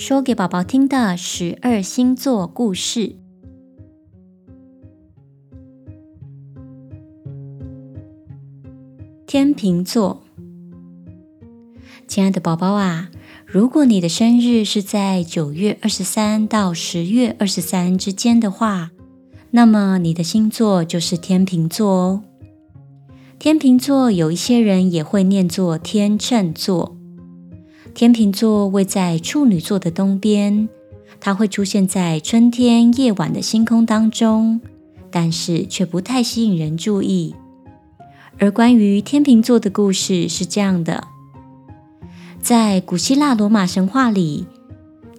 說給寶寶聽的十二星座故事，天秤座。親愛的寶寶啊，如果你的生日是在九月二十三到十月二十三之間的話，那麼你的星座就是天秤座哦。天秤座有一些人也會念作天秤座。天秤座位在處女座的東邊，它會出現在春天夜晚的星空當中，但是卻不太吸引人注意。而關於天秤座的故事是這樣的。在古希臘羅馬神話裡，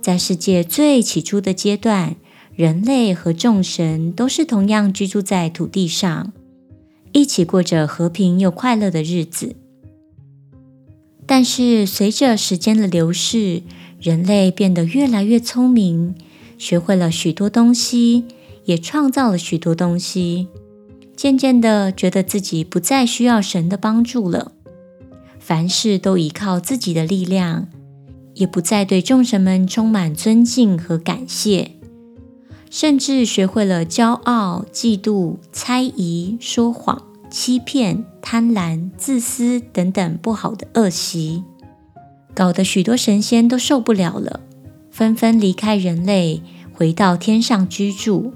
在世界最起初的階段，人類和眾神都是同樣居住在土地上，一起過着和平又快樂的日子。但是，隨着時間的流逝，人類變得越來越聰明，學會了許多東西，也創造了許多東西。漸漸地，覺得自己不再需要神的幫助了，凡事都依靠自己的力量，也不再對眾神們充滿尊敬和感謝，甚至學會了驕傲、嫉妒、猜疑、說謊。欺騙、貪婪、自私等等不好的惡習，搞得許多神仙都受不了了，紛紛離開人類，回到天上居住。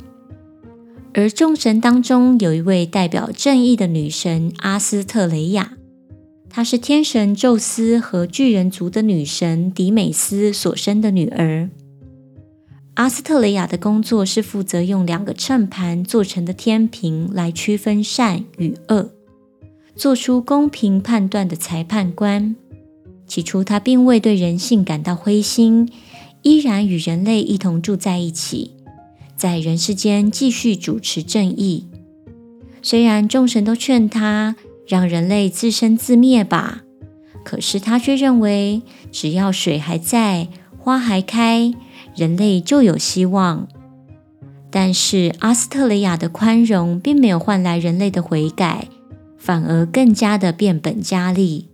而眾神當中，有一位代表正義的女神阿絲特蕾亞，她是天神宙斯和巨人族的女神迪美斯所生的女兒。阿絲特蕾亞的工作是負責用兩個秤盤做成的天平來區分善與惡，做出公平判斷的裁判官。起初，他並未對人性感到灰心，依然與人類一同住在一起，在人世間繼續主持正義。雖然眾神都勸他讓人類自生自滅吧，可是他卻認為，只要水還在，花還開。人類就有希望，但是阿絲特蕾亞的寬容並沒有換來人類的悔改，反而更加的變本加厲。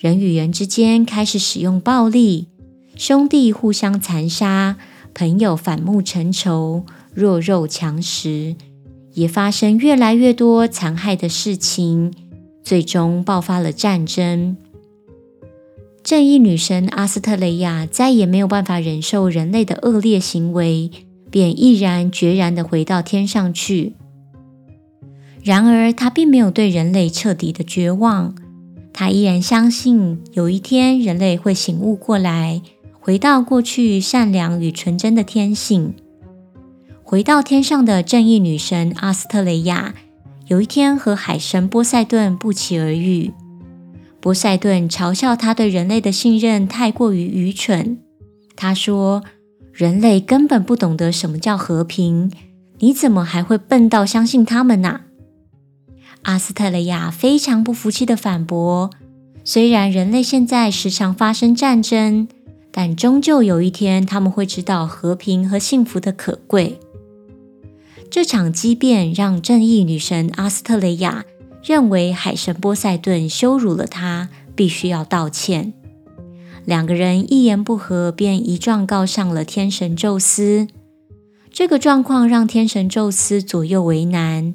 人與人之間開始使用暴力，兄弟互相殘殺，朋友反目成仇，弱肉強食，也發生越來越多殘害的事情，最終爆發了戰爭。正義女神阿絲特蕾亞再也沒有辦法忍受人類的惡劣行為，便毅然決然地回到天上去。然而，她並沒有對人類徹底的絕望，她依然相信有一天人類會醒悟過來，回到過去善良與純真的天性。回到天上的正義女神阿絲特蕾亞，有一天和海神波賽頓不期而遇。波賽頓嘲笑他對人類的信任太過於愚蠢。他說：“人類根本不懂得什麼叫和平，你怎麼還會笨到相信他們呢、啊？”阿絲特蕾亞非常不服氣地反駁：“雖然人類現在時常發生戰爭，但終究有一天他們會知道和平和幸福的可貴。”這場激辯讓正義女神阿絲特蕾亞。認為海神波賽頓羞辱了他，必須要道歉。兩個人一言不合，便一狀告上了天神宙斯。這個狀況讓天神宙斯左右為難，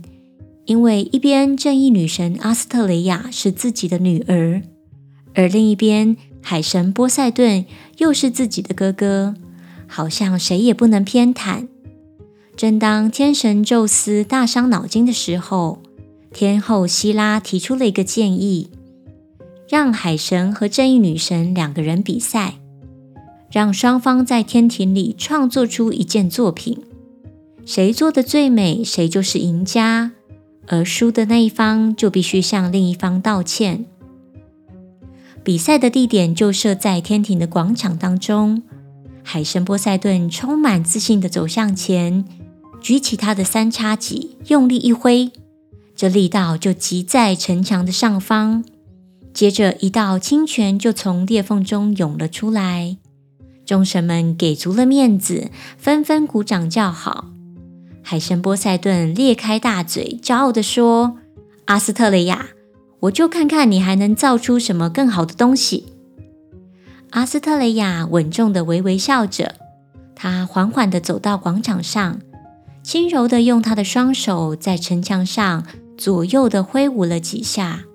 因為一邊正義女神阿絲特蕾亞是自己的女兒，而另一邊海神波賽頓又是自己的哥哥，好像誰也不能偏袒。正當天神宙斯大傷腦筋的時候。天後希拉提出了一個建議，讓海神和正義女神兩個人比賽，讓雙方在天庭裡創作出一件作品，誰做的最美，誰就是贏家，而輸的那一方就必須向另一方道歉。比賽的地點就設在天庭的廣場當中。海神波塞頓充滿自信地走向前，舉起他的三叉戟，用力一揮。這力道就集在城牆的上方，接着一道清泉就從裂縫中湧了出來。眾神們給足了面子，紛紛鼓掌叫好。海神波塞頓裂開大嘴，驕傲地說：“阿絲特蕾亞，我就看看你還能造出什麼更好的東西。”阿絲特蕾亞穩重地微微笑着，她緩緩地走到廣場上，輕柔地用她的雙手在城牆上。左右的揮舞了幾下，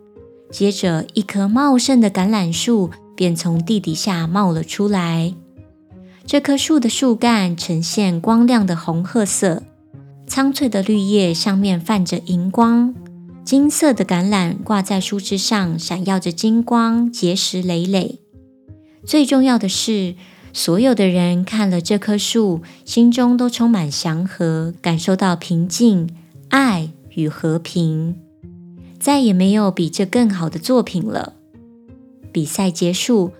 接着一棵茂盛的橄欖樹便從地底下冒了出來。這棵樹的樹幹呈現光亮的紅褐色，蒼翠的綠葉上面泛着銀光，金色的橄欖掛在樹枝上，閃耀着金光，結實累累。最重要的是，所有的人看了這棵樹，心中都充滿祥和，感受到平靜、愛。與和平，再也沒有比這更好的作品了。比賽結束，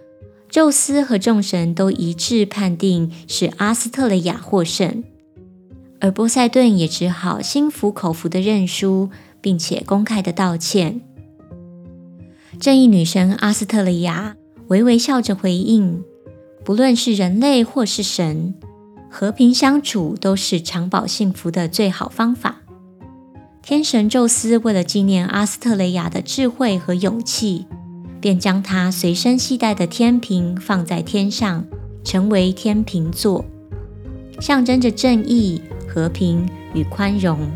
宙斯和眾神都一致判定是阿斯特蕾亞獲勝，而波塞頓也只好心服口服的認輸，並且公開的道歉。正義女神阿斯特蕾亞微微笑着回應：“不論是人類或是神，和平相處都是長保幸福的最好方法。”天神宙斯為了紀念阿絲特蕾亞的智慧和勇氣，便將她隨身攜帶的天平放在天上，成為天秤座，象徵着正義、和平與寬容。